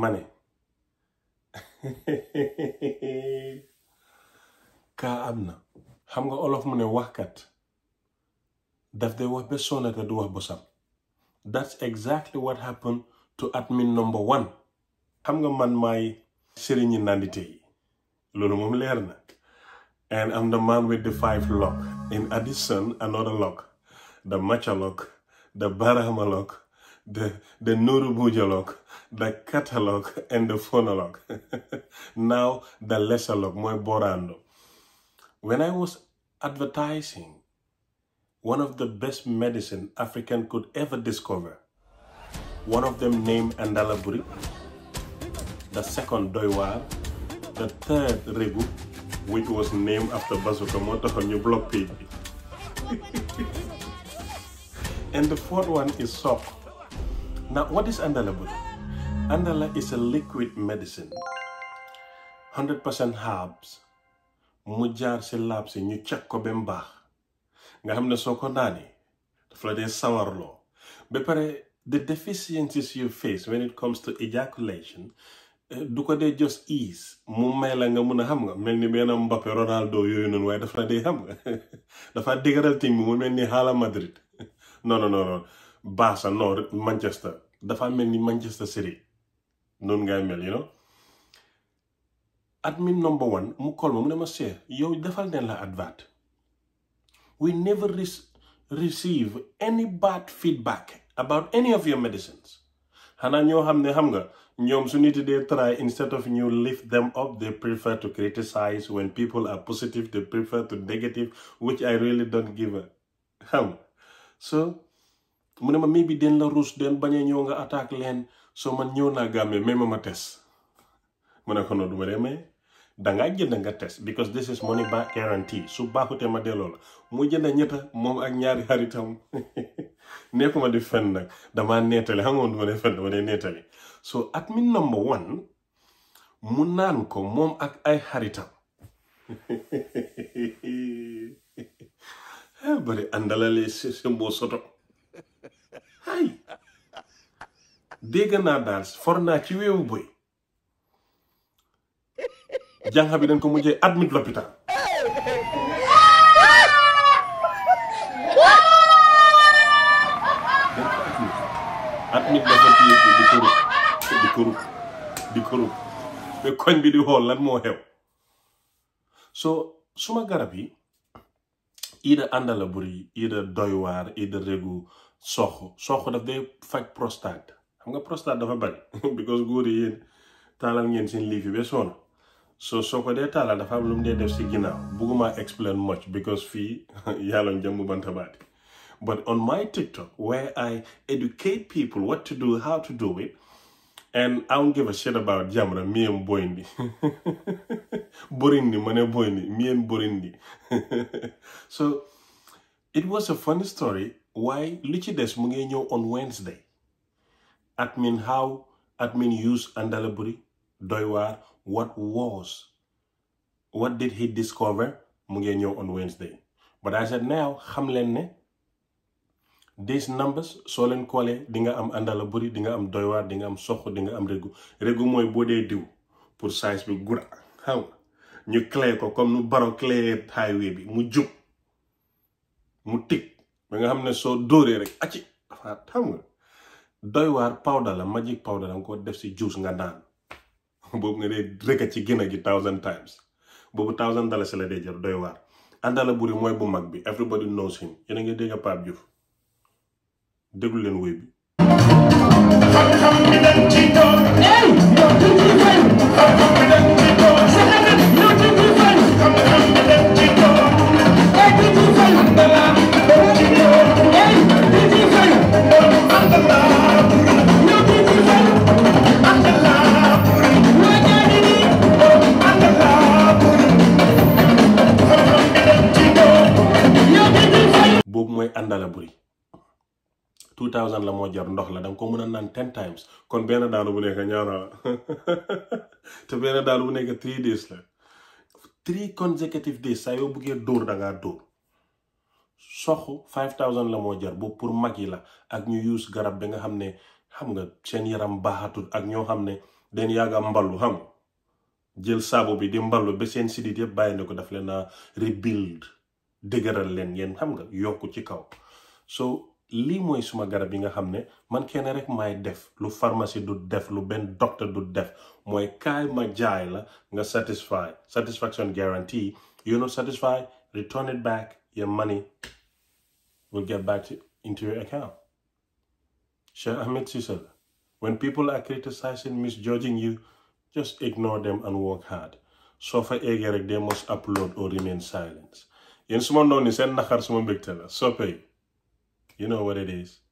ma kaa am na xam nga olof mu ne waxkat daf day wax ba sonn te du wax bosam that's exactly what happened to admin number one xam nga man maay sëriñi nandite yi loolu moom leer na and I'm the man with the five lock in addition another lock the macha lock the barahama lock the, the neurobiologue, the catalog, and the phonologue. now the lessalog, my borando. When I was advertising one of the best medicine African could ever discover, one of them named Andalaburi, the second Doiwar, the third Regu, which was named after Bazukamoto on your blog page. and the fourth one is Sok, Now, what is Andala Budi? Andala is a liquid medicine. 100% herbs. mu jaar si laab si ñu ceg ko ba mu baax nga xam ne soo ko naanee daf la dee sawarloo ba pare the deficiencies you face when it comes to ejaculation eh, du ko dee just ease mu may la nga mun a xam nga mel ni na Mbappé Ronaldo yooyu noonu waaye daf la dee xam nga dafa dëgëral tim bi mu mel ni xaala Madrid non non non Barça non Manchester dafa mel ni Manchester City noonu ngay mel you know admin number one mu call ma mu ne ma yow defal neen la advert we never receive any bad feedback about any of your medicines xanaa ñoo xam ne xam nga ñoom su nit dee try instead of ñu lift them up they prefer to criticize when people are positive they prefer to negative which I really don't give a xam so mu ne ma mii bi den la ruus den bañ a ñëw nga attaque leen soo man ñëw naa gàmmee may ma ma test mu ne ko noonu du ma dee may dangaa jënd nga test because this is ne ba guarantee su baaxutee ma delloo la mu jënd ñetta moom ak ñaari xaritam ma di fen nag damaa nettali xam nga du ma dee fen dama dee nettali so admin number one mu naan ko moom ak ay xaritam bari àndalale si mboo soto dégg naa daal for naa ci weewu boy jànq bi dañ ko mujjee admit l'hôpital admit dafa téye di ko rub di ko rub di ko rub te koñ bi di xool lan moo xew soo suma garab yi ida àndala buri ida doywaar ida régu soxo soxo daf day faj prostate xam nga prostate dafa bari because góor yi yéen ngeen seen liif yi ba sonn so soo ko dee taalal dafa am lu mu dee def si ginnaaw bugguma explain much because fii yàlloon jàmm bantabaati but on my TikTok where I educate people what to do how to do it and I don't give a shit about Jamra me and Boindi Borindi mane Boindi me and Borindi so it was a funny story why lu ci des mu ngi ñëw on Wednesday admin how, admin use Andalaburi, Doiwar, what was, what did he discover? Mugenyo on Wednesday. But I said now, Hamlenne, these numbers, Solen Kole, Dinga am Andalaburi, Dinga am Doiwar, Dinga am Soho, Dinga am Regu. mooy boo dee diw pour size bi gura. How? ñu clé ko comme nu baro clé highway bi mu jub mu tig ba nga xam ne soo dóoree rek aci afaat xam nga doy waar powder la magic powder danga ko def si juice nga daan boobu nga dee rëkk ci gina gi thousand times boobu thousand dalasi la dee jar doy waar Andala Buri mooy bu mag bi everybody knows him yéen a ngi dégg Pape déglu leen wéy bi kanda la buri 2000 la moo jar ndox la danga ko mën a naan 10 times kon benn daanu bu nekk ñaara te benn daanu bu nekk 3 days la 3 consecutive days saa yoo buggee dóor dangaa dóor soxu 5000 la moo jar boobu pour mag yi la ak ñu use garab bi nga xam ne xam nga seen yaram baaxatul ak ñoo xam ne den yaaga mballu xam jël saabu bi di mballu ba seen sidit yëpp bàyyi ne ko daf leen a rebuild dëgëral leen ngeen xam nga yokku ci kaw so lii mooy suma garab yi nga xam ne man kenn rek maay def lu pharmacie du def lu benn docteur du def mooy kaay ma jaay la nga satisfy satisfaction guarantee you know satisfy return it back your money will get back into your account Cheikh Ahmed Cisse when people are criticizing misjudging you just ignore them and work hard soo fa eggee rek they must upload or remain silent yéen su ma noonu seen naxar suma mbégte la soppe yi you know what it is